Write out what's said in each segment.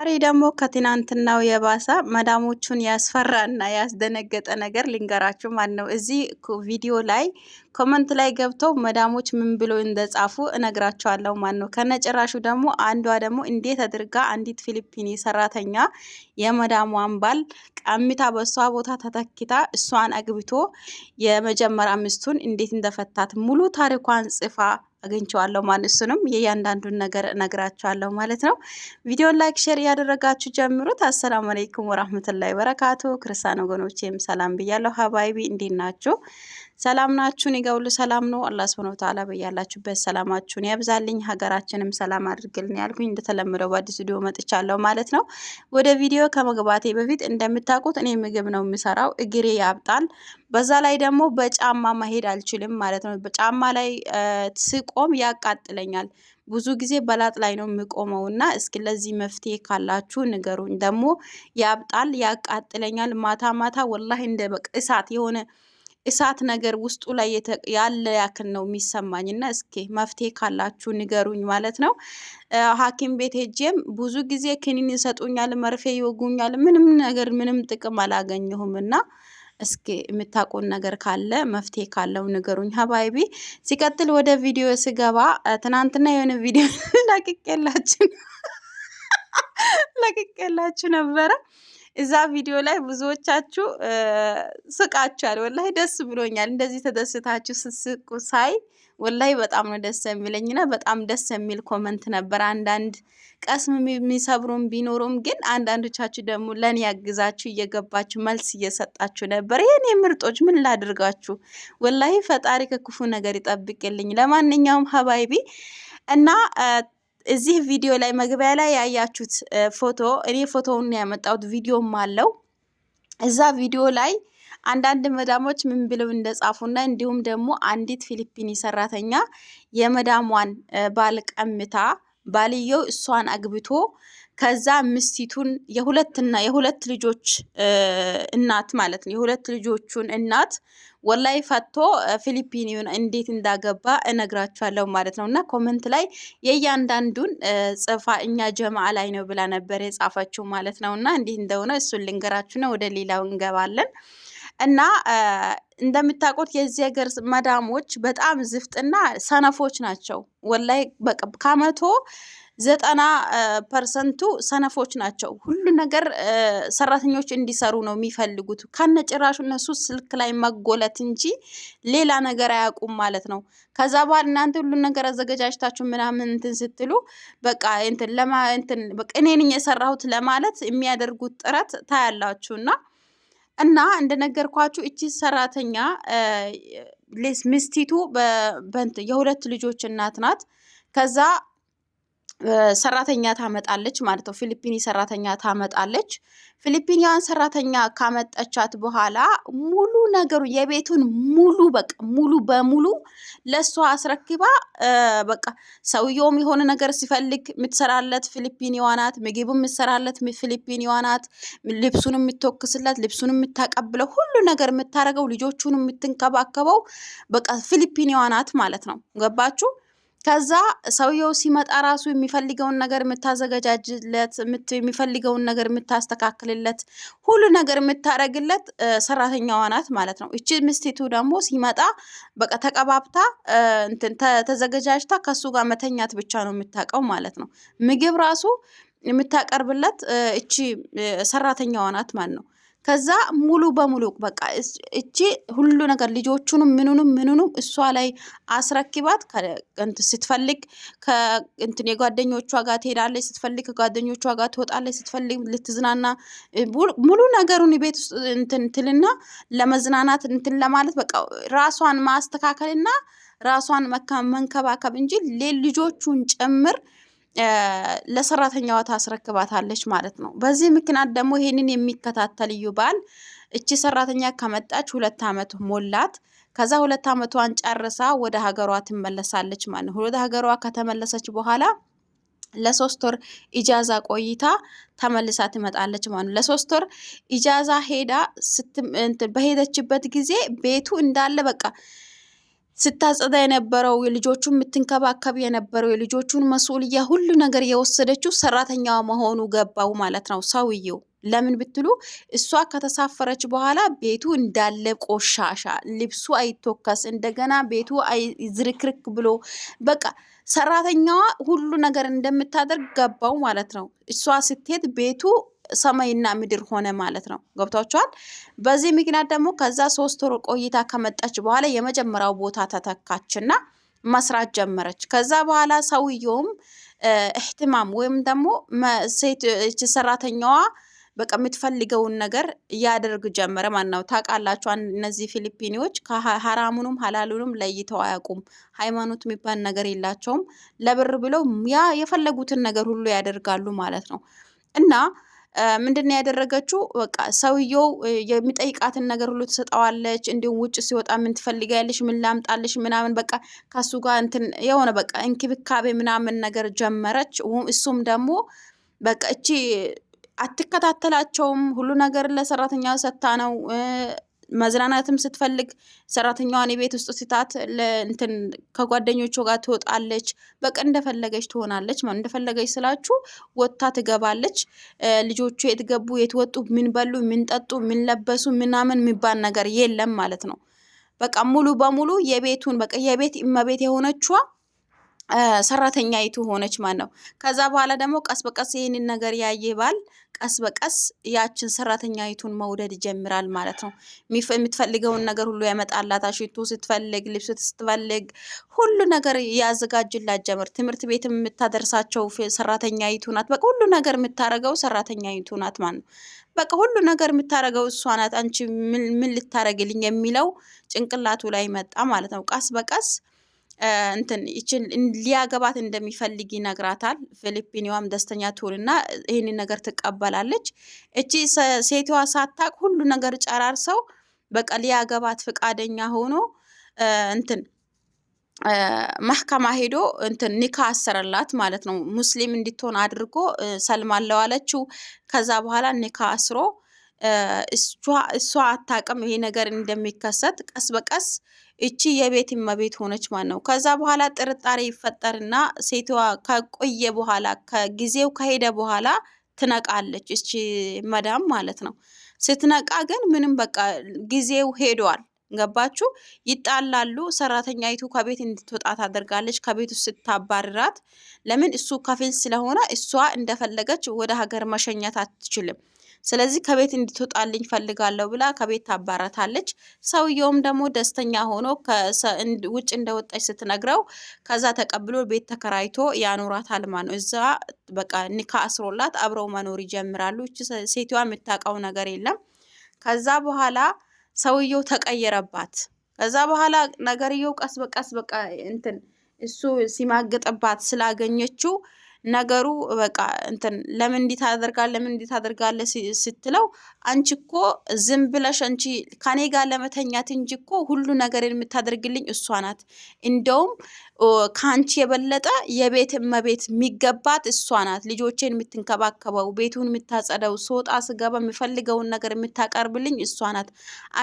ዛሬ ደግሞ ከትናንትናው የባሰ መዳሞቹን ያስፈራና ያስደነገጠ ነገር ልንገራችሁ ማን ነው። እዚህ ቪዲዮ ላይ ኮመንት ላይ ገብተው መዳሞች ምን ብሎ እንደጻፉ እነግራቸዋለሁ ማን ነው። ከነጭራሹ ደግሞ አንዷ ደግሞ እንዴት አድርጋ አንዲት ፊሊፒኒ ሰራተኛ የመዳሟን ባል ቀሚታ በእሷ ቦታ ተተክታ እሷን አግብቶ የመጀመሪያ ሚስቱን እንዴት እንደፈታት ሙሉ ታሪኳን ጽፋ አገኝቸዋለሁ ማለት እሱንም የእያንዳንዱን ነገር እነግራችኋለሁ ማለት ነው። ቪዲዮን ላይክ፣ ሼር እያደረጋችሁ ጀምሩት። አሰላሙ አለይኩም ወራህመቱላሂ በረካቱ። ክርስቲያን ወገኖቼም ሰላም ብያለሁ። ሀባይቢ እንዴት ናችሁ? ሰላም ናችሁን? ይገውል ሰላም ነው። አላህ ስብሐ ወተዓላ በያላችሁበት ሰላማችሁን ያብዛልኝ፣ ሀገራችንም ሰላም አድርግልን ያልኩኝ እንደተለመደው በአዲስ ቪዲዮ መጥቻለሁ ማለት ነው። ወደ ቪዲዮ ከመግባቴ በፊት እንደምታውቁት እኔ ምግብ ነው የምሰራው፣ እግሬ ያብጣል። በዛ ላይ ደግሞ በጫማ መሄድ አልችልም ማለት ነው። በጫማ ላይ ስቆም ያቃጥለኛል። ብዙ ጊዜ በላጥ ላይ ነው የምቆመው እና እስኪ ለዚህ መፍትሄ ካላችሁ ንገሩኝ። ደግሞ ያብጣል፣ ያቃጥለኛል። ማታ ማታ ወላሂ እንደ በቃ እሳት የሆነ እሳት ነገር ውስጡ ላይ ያለ ያክል ነው የሚሰማኝ እና እስኪ መፍትሄ ካላችሁ ንገሩኝ ማለት ነው። ሐኪም ቤት ሄጄም ብዙ ጊዜ ክኒን ይሰጡኛል፣ መርፌ ይወጉኛል። ምንም ነገር ምንም ጥቅም አላገኘሁም እና እስኪ የምታውቁን ነገር ካለ መፍትሄ ካለው ንገሩኝ ሀባይቢ። ሲቀጥል ወደ ቪዲዮ ስገባ ትናንትና የሆነ ቪዲዮ ለቅቄላችሁ ለቅቄላችሁ ነበረ እዛ ቪዲዮ ላይ ብዙዎቻችሁ ስቃችኋል። ወላሂ ደስ ብሎኛል። እንደዚህ ተደስታችሁ ስስቁ ሳይ ወላሂ በጣም ነው ደስ የሚለኝና በጣም ደስ የሚል ኮመንት ነበር። አንዳንድ ቀስም የሚሰብሩም ቢኖሩም ግን አንዳንዶቻችሁ ደግሞ ለእኔ ያግዛችሁ እየገባችሁ መልስ እየሰጣችሁ ነበር። የእኔ ምርጦች ምን ላድርጋችሁ? ወላሂ ፈጣሪ ከክፉ ነገር ይጠብቅልኝ። ለማንኛውም ሀባይቢ እና እዚህ ቪዲዮ ላይ መግቢያ ላይ ያያችሁት ፎቶ እኔ ፎቶውን ያመጣሁት ቪዲዮም አለው። እዛ ቪዲዮ ላይ አንዳንድ መዳሞች ምን ብለው እንደጻፉና እንዲሁም ደግሞ አንዲት ፊሊፒኒ ሰራተኛ የመዳሟን ባል ቀምታ ባልየው እሷን አግብቶ ከዛ ምስቲቱን የሁለትና የሁለት ልጆች እናት ማለት ነው። የሁለት ልጆቹን እናት ወላይ ፈቶ ፊሊፒኒውን እንዴት እንዳገባ እነግራችኋለሁ ማለት ነው። እና ኮመንት ላይ የእያንዳንዱን ጽፋ እኛ ጀማዓ ላይ ነው ብላ ነበር የጻፈችው ማለት ነው። እና እንዲህ እንደሆነ እሱን ልንገራችሁ ነው። ወደ ሌላው እንገባለን። እና እንደምታውቁት የዚህ ሀገር መዳሞች በጣም ዝፍጥና ሰነፎች ናቸው። ወላይ ከመቶ ዘጠና ፐርሰንቱ ሰነፎች ናቸው። ሁሉ ነገር ሰራተኞች እንዲሰሩ ነው የሚፈልጉት። ጭራሹ እነሱ ስልክ ላይ መጎለት እንጂ ሌላ ነገር አያውቁም ማለት ነው። ከዛ በኋላ እናንተ ሁሉ ነገር አዘገጃጅታችሁ ምናምን እንትን ስትሉ በቃ እንትን ለማ እንትን በቃ እኔን የሰራሁት ለማለት የሚያደርጉት ጥረት እና እና እንደነገርኳችሁ እቺ ሰራተኛ ሚስቲቱ የሁለት ልጆች እናት ናት። ከዛ ሰራተኛ ታመጣለች ማለት ነው። ፊሊፒኒ ሰራተኛ ታመጣለች። ፊሊፒኒያን ሰራተኛ ካመጠቻት በኋላ ሙሉ ነገሩ የቤቱን ሙሉ በቃ ሙሉ በሙሉ ለእሷ አስረክባ በቃ ሰውየውም የሆነ ነገር ሲፈልግ የምትሰራለት ፊሊፒኒዋ ናት። ምግቡ የምትሰራለት ፊሊፒኒዋ ናት። ልብሱን የምትወክስለት፣ ልብሱን የምታቀብለው፣ ሁሉ ነገር የምታደርገው፣ ልጆቹን የምትንከባከበው በቃ ፊሊፒኒዋ ናት ማለት ነው። ገባችሁ? ከዛ ሰውየው ሲመጣ ራሱ የሚፈልገውን ነገር የምታዘገጃጅለት፣ የሚፈልገውን ነገር የምታስተካክልለት፣ ሁሉ ነገር የምታደረግለት ሰራተኛዋ ናት ማለት ነው። እቺ ምስቴቱ ደግሞ ሲመጣ በቃ ተቀባብታ ተዘገጃጅታ ከሱ ጋር መተኛት ብቻ ነው የምታውቀው ማለት ነው። ምግብ ራሱ የምታቀርብለት እቺ ሰራተኛዋ ናት ማለት ነው። ከዛ ሙሉ በሙሉ በቃ እቺ ሁሉ ነገር ልጆቹንም ምኑንም ምኑንም እሷ ላይ አስረክባት። ስትፈልግ እንትን የጓደኞቿ ጋር ትሄዳለች፣ ስትፈልግ ከጓደኞቿ ጋር ትወጣለች፣ ስትፈልግ ልትዝናና ሙሉ ነገሩን ቤት ውስጥ ትልና ለመዝናናት እንትን ለማለት በቃ ራሷን ማስተካከልና ራሷን መንከባከብ እንጂ ልጆቹን ጭምር ለሰራተኛዋ ታስረክባታለች ማለት ነው። በዚህ ምክንያት ደግሞ ይሄንን የሚከታተል ይባል ባል እቺ ሰራተኛ ከመጣች ሁለት ዓመት ሞላት። ከዛ ሁለት ዓመቷን ጨርሳ ወደ ሀገሯ ትመለሳለች ማለት ነው። ወደ ሀገሯ ከተመለሰች በኋላ ለሶስት ወር ኢጃዛ ቆይታ ተመልሳ ትመጣለች ማለት ነው። ለሶስት ወር ኢጃዛ ሄዳ በሄደችበት ጊዜ ቤቱ እንዳለ በቃ ስታጸዳ የነበረው ልጆቹን የምትንከባከብ የነበረው የልጆቹን መስኡልያ ሁሉ ነገር የወሰደችው ሰራተኛዋ መሆኑ ገባው ማለት ነው ሰውየው። ለምን ብትሉ እሷ ከተሳፈረች በኋላ ቤቱ እንዳለ ቆሻሻ፣ ልብሱ አይቶከስ፣ እንደገና ቤቱ ዝርክርክ ብሎ በቃ ሰራተኛዋ ሁሉ ነገር እንደምታደርግ ገባው ማለት ነው። እሷ ስትሄድ ቤቱ ሰማይና ምድር ሆነ ማለት ነው። ገብቷችኋል። በዚህ ምክንያት ደግሞ ከዛ ሶስት ወር ቆይታ ከመጣች በኋላ የመጀመሪያው ቦታ ተተካችና መስራት ጀመረች። ከዛ በኋላ ሰውየውም እህትማም ወይም ደግሞ ሴት ሰራተኛዋ በቃ የምትፈልገውን ነገር እያደርግ ጀመረ ማለት ነው። ታውቃላችሁ እነዚህ ፊሊፒኒዎች ከሀራሙንም ሀላሉንም ለይተው አያውቁም። ሃይማኖት የሚባል ነገር የላቸውም። ለብር ብለው ያ የፈለጉትን ነገር ሁሉ ያደርጋሉ ማለት ነው እና ምንድን ያደረገችው በቃ ሰውየው የሚጠይቃትን ነገር ሁሉ ትሰጠዋለች። እንዲሁም ውጭ ሲወጣ ምን ትፈልጋለሽ፣ ምን ላምጣልሽ ምናምን በቃ ከሱ ጋር እንትን የሆነ በቃ እንክብካቤ ምናምን ነገር ጀመረች። እሱም ደግሞ በቃ እቺ አትከታተላቸውም። ሁሉ ነገር ለሰራተኛ ሰታ ነው መዝናናትም ስትፈልግ ሰራተኛዋን የቤት ውስጥ ሲታት እንትን ከጓደኞቿ ጋር ትወጣለች። በቃ እንደፈለገች ትሆናለች። እንደፈለገች ስላችሁ ወጥታ ትገባለች። ልጆቹ የት ገቡ፣ የት ወጡ፣ ምን በሉ፣ ምን ጠጡ፣ ምን ለበሱ ምናምን የሚባል ነገር የለም ማለት ነው። በቃ ሙሉ በሙሉ የቤቱን በቃ የቤት እመቤት የሆነችዋ ሰራተኛይቱ ሆነች ማለት ነው። ከዛ በኋላ ደግሞ ቀስ በቀስ ይህንን ነገር ያየ ባል ቀስ በቀስ ያችን ሰራተኛይቱን መውደድ ይጀምራል ማለት ነው። የምትፈልገውን ነገር ሁሉ ያመጣላታል። ሽቱ ስትፈልግ፣ ልብስ ስትፈልግ ሁሉ ነገር ያዘጋጅላት ጀምር። ትምህርት ቤት የምታደርሳቸው ሰራተኛይቱ ናት። በቃ ሁሉ ነገር የምታረገው ሰራተኛይቱ ናት ማለት ነው። በቃ ሁሉ ነገር የምታረገው እሷ ናት። አንቺ ምን ልታረግልኝ የሚለው ጭንቅላቱ ላይ መጣ ማለት ነው ቀስ በቀስ እንትን ይችን ሊያገባት እንደሚፈልግ ይነግራታል። ፊሊፒኒዋም ደስተኛ ትሆንና ይህንን ነገር ትቀበላለች። እቺ ሴትዋ ሳታቅ ሁሉ ነገር ጨራርሰው በቃ ሊያገባት ፈቃደኛ ሆኖ እንትን ማህከማ ሄዶ እንትን ኒካ አሰረላት ማለት ነው። ሙስሊም እንድትሆን አድርጎ ሰልማን ለዋለችው። ከዛ በኋላ ኒካ አስሮ እሷ አታቅም ይሄ ነገር እንደሚከሰት ቀስ በቀስ እቺ የቤት እመቤት ሆነች ማለት ነው። ከዛ በኋላ ጥርጣሬ ይፈጠርና ሴትዋ ከቆየ በኋላ ከጊዜው ከሄደ በኋላ ትነቃለች፣ እቺ መዳም ማለት ነው። ስትነቃ ግን ምንም በቃ ጊዜው ሄደዋል። ገባችሁ? ይጣላሉ። ሰራተኛይቱ ከቤት እንድትወጣ ታደርጋለች። ከቤት ውስጥ ስታባርራት፣ ለምን እሱ ከፊል ስለሆነ እሷ እንደፈለገች ወደ ሀገር መሸኘት አትችልም። ስለዚህ ከቤት እንድትወጣልኝ ፈልጋለሁ ብላ ከቤት ታባራታለች። ሰውየውም ደግሞ ደስተኛ ሆኖ ውጭ እንደወጣች ስትነግረው ከዛ ተቀብሎ ቤት ተከራይቶ ያኖራታል ማለት ነው። እዛ በቃ ኒካ አስሮላት አብረው መኖር ይጀምራሉ። ሴትዋ የምታውቀው ነገር የለም። ከዛ በኋላ ሰውየው ተቀየረባት። ከዛ በኋላ ነገርየው ቀስ በቀስ በቃ እንትን እሱ ሲማግጥባት ስላገኘችው ነገሩ በቃ እንትን ለምን እንዲህ ታደርጋለህ ለምን እንዲህ ታደርጋለህ ስትለው አንቺ እኮ ዝም ብለሽ አንቺ ከኔ ጋር ለመተኛት እንጂ እኮ ሁሉ ነገር የምታደርግልኝ እሷ ናት። እንደውም ከአንቺ የበለጠ የቤት እመቤት የሚገባት እሷ ናት። ልጆቼን የምትንከባከበው፣ ቤቱን የምታጸደው፣ ሶጣ ስገባ የምፈልገውን ነገር የምታቀርብልኝ እሷ ናት።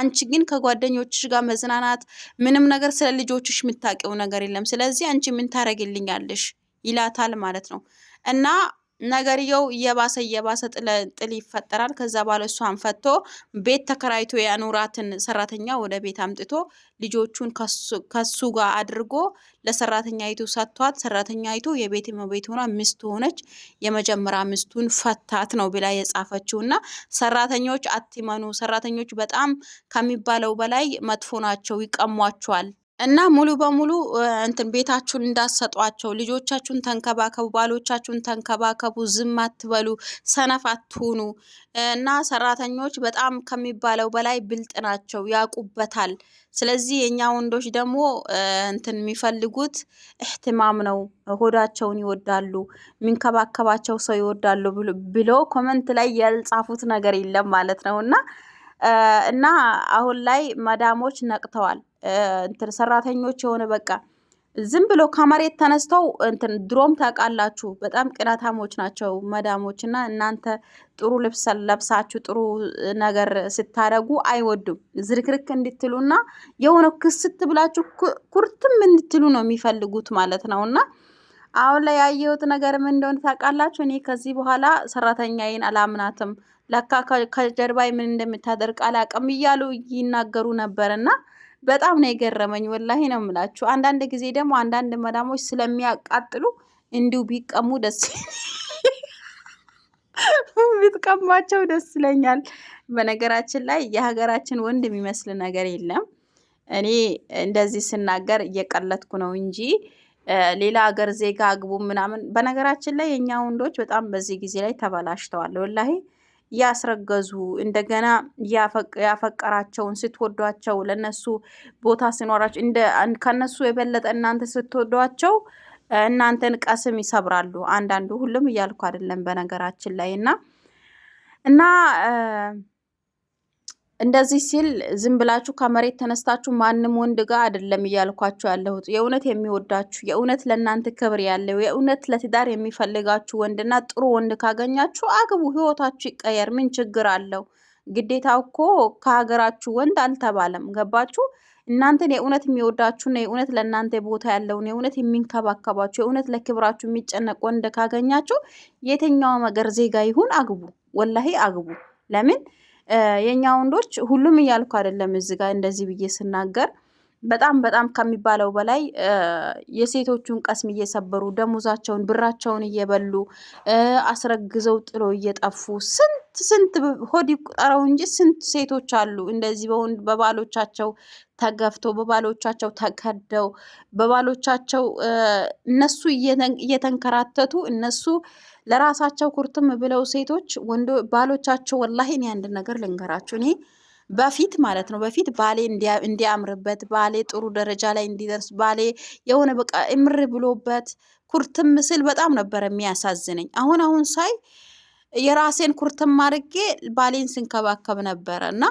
አንቺ ግን ከጓደኞችሽ ጋር መዝናናት ምንም ነገር ስለ ልጆችሽ የምታውቂው ነገር የለም። ስለዚህ አንቺ ምን ታደርግልኛለሽ? ይላታል ማለት ነው እና ነገርየው እየባሰ እየባሰ ጥል ይፈጠራል። ከዛ ባለ እሷን ፈቶ ቤት ተከራይቶ ያኑራትን ሰራተኛ ወደ ቤት አምጥቶ ልጆቹን ከሱ ጋር አድርጎ ለሰራተኛ ይቱ ሰጥቷት፣ ሰራተኛ ይቱ የቤት መቤት ሆና ሚስት ሆነች። የመጀመሪያ ሚስቱን ፈታት ነው ብላ የጻፈችው እና ሰራተኞች አትመኑ፣ ሰራተኞች በጣም ከሚባለው በላይ መጥፎ ናቸው፣ ይቀሟቸዋል እና ሙሉ በሙሉ እንትን ቤታችሁን እንዳሰጧቸው፣ ልጆቻችሁን ተንከባከቡ፣ ባሎቻችሁን ተንከባከቡ፣ ዝም አትበሉ፣ ሰነፍ አትሁኑ። እና ሰራተኞች በጣም ከሚባለው በላይ ብልጥ ናቸው፣ ያውቁበታል። ስለዚህ የእኛ ወንዶች ደግሞ እንትን የሚፈልጉት እህትማም ነው፣ ሆዳቸውን ይወዳሉ፣ የሚንከባከባቸው ሰው ይወዳሉ ብሎ ኮመንት ላይ ያልጻፉት ነገር የለም ማለት ነው እና እና አሁን ላይ መዳሞች ነቅተዋል። እንትን ሰራተኞች የሆነ በቃ ዝም ብሎ ከመሬት ተነስተው እንትን ድሮም ታውቃላችሁ፣ በጣም ቅናታሞች ናቸው መዳሞች እና እናንተ ጥሩ ልብስ ለብሳችሁ ጥሩ ነገር ስታደርጉ አይወዱም። ዝርክርክ እንድትሉና የሆነ ክስት ብላችሁ ኩርትም እንድትሉ ነው የሚፈልጉት ማለት ነው። እና አሁን ላይ ያየሁት ነገር ምን እንደሆነ ታውቃላችሁ? እኔ ከዚህ በኋላ ሰራተኛዬን አላምናትም፣ ለካ ከጀርባ ምን እንደምታደርግ አላውቅም እያሉ ይናገሩ እና በጣም ነው የገረመኝ። ወላሂ ነው የምላችሁ። አንዳንድ ጊዜ ደግሞ አንዳንድ መዳሞች ስለሚያቃጥሉ እንዲሁ ቢቀሙ ደስ ቢትቀሟቸው ደስ ይለኛል። በነገራችን ላይ የሀገራችን ወንድ የሚመስል ነገር የለም። እኔ እንደዚህ ስናገር እየቀለድኩ ነው እንጂ ሌላ ሀገር ዜጋ አግቡ ምናምን። በነገራችን ላይ የእኛ ወንዶች በጣም በዚህ ጊዜ ላይ ተበላሽተዋል ወላሄ ያስረገዙ እንደገና ያፈቀራቸውን ስትወዷቸው ለነሱ ቦታ ሲኖራቸው ከነሱ የበለጠ እናንተ ስትወዷቸው እናንተን ቀስም ይሰብራሉ። አንዳንዱ ሁሉም እያልኩ አይደለም በነገራችን ላይ እና እና እንደዚህ ሲል ዝም ብላችሁ ከመሬት ተነስታችሁ ማንም ወንድ ጋር አይደለም እያልኳችሁ ያለሁት። የእውነት የሚወዳችሁ የእውነት ለእናንተ ክብር ያለው የእውነት ለትዳር የሚፈልጋችሁ ወንድና ጥሩ ወንድ ካገኛችሁ አግቡ። ህይወታችሁ ይቀየር። ምን ችግር አለው? ግዴታ እኮ ከሀገራችሁ ወንድ አልተባለም። ገባችሁ? እናንተን የእውነት የሚወዳችሁና የእውነት ለእናንተ ቦታ ያለውን የእውነት የሚንከባከባችሁ የእውነት ለክብራችሁ የሚጨነቅ ወንድ ካገኛችሁ የትኛውም ሀገር ዜጋ ይሁን አግቡ። ወላሂ አግቡ። ለምን የእኛ ወንዶች ሁሉም እያልኩ አይደለም እዚህ ጋር እንደዚህ ብዬ ስናገር በጣም በጣም ከሚባለው በላይ የሴቶቹን ቀስም እየሰበሩ ደሞዛቸውን ብራቸውን እየበሉ አስረግዘው ጥሎ እየጠፉ ስንት ስንት ሆድ ይቁጠረው እንጂ ስንት ሴቶች አሉ እንደዚህ በወንድ በባሎቻቸው ተገፍቶ በባሎቻቸው ተከደው በባሎቻቸው እነሱ እየተንከራተቱ እነሱ ለራሳቸው ኩርትም ብለው ሴቶች ወንዶ ባሎቻቸው ወላሂ እኔ አንድ ነገር ልንገራችሁ እኔ በፊት ማለት ነው በፊት ባሌ እንዲያምርበት ባሌ ጥሩ ደረጃ ላይ እንዲደርስ ባሌ የሆነ በቃ እምር ብሎበት ኩርትም ምስል በጣም ነበር የሚያሳዝነኝ። አሁን አሁን ሳይ የራሴን ኩርትም አድርጌ ባሌን ስንከባከብ ነበረ እና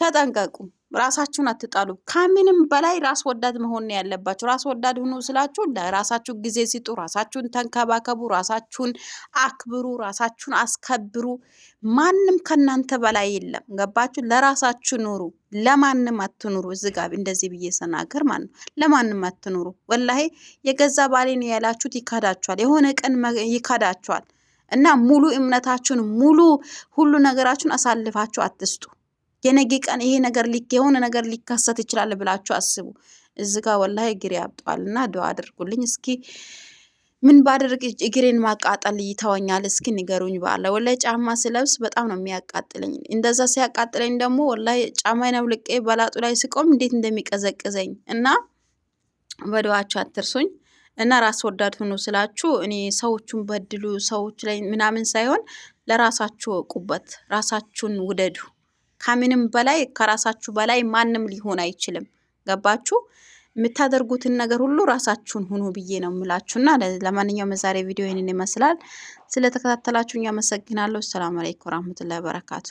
ተጠንቀቁ። ራሳችሁን አትጣሉ። ከምንም በላይ ራስ ወዳድ መሆን ነው ያለባችሁ። ራስ ወዳድ ሁኑ ስላችሁ ለራሳችሁ ጊዜ ስጡ፣ ራሳችሁን ተንከባከቡ፣ ራሳችሁን አክብሩ፣ ራሳችሁን አስከብሩ። ማንም ከእናንተ በላይ የለም። ገባችሁ? ለራሳችሁ ኑሩ፣ ለማንም አትኑሩ። እዚህ እንደዚህ ብዬ ስናገር ማለት ነው፣ ለማንም አትኑሩ። ወላሂ የገዛ ባሌ ያላችሁት ይካዳችኋል፣ የሆነ ቀን ይካዳችኋል። እና ሙሉ እምነታችሁን ሙሉ ሁሉ ነገራችሁን አሳልፋችሁ አትስጡ። የነገ ቀን ይሄ ነገር የሆነ ነገር ሊከሰት ይችላል ብላችሁ አስቡ። እዚ ጋ ወላሂ እግሬ ያብጠዋል እና ዱዓ አድርጉልኝ እስኪ ምን ባደርግ እግሬን ማቃጠል ይተወኛል? እስኪ ንገሩኝ። በአላ ወላይ ጫማ ስለብስ በጣም ነው የሚያቃጥለኝ። እንደዛ ሲያቃጥለኝ ደግሞ ወላይ ጫማዬን አውልቄ በላጡ ላይ ስቆም እንዴት እንደሚቀዘቅዘኝ እና በዱዓችሁ አትርሱኝ እና ራስ ወዳድ ሁኑ ስላችሁ እኔ ሰዎቹን በድሉ ሰዎች ላይ ምናምን ሳይሆን ለራሳችሁ ወቁበት፣ ራሳችሁን ውደዱ። ከምንም በላይ ከራሳችሁ በላይ ማንም ሊሆን አይችልም። ገባችሁ? የምታደርጉትን ነገር ሁሉ ራሳችሁን ሁኑ ብዬ ነው የምላችሁና ለማንኛውም የዛሬ ቪዲዮ ይህንን ይመስላል። ስለተከታተላችሁ አመሰግናለሁ። ሰላም አለይኩም ወራህመቱላሂ ወበረካቱ።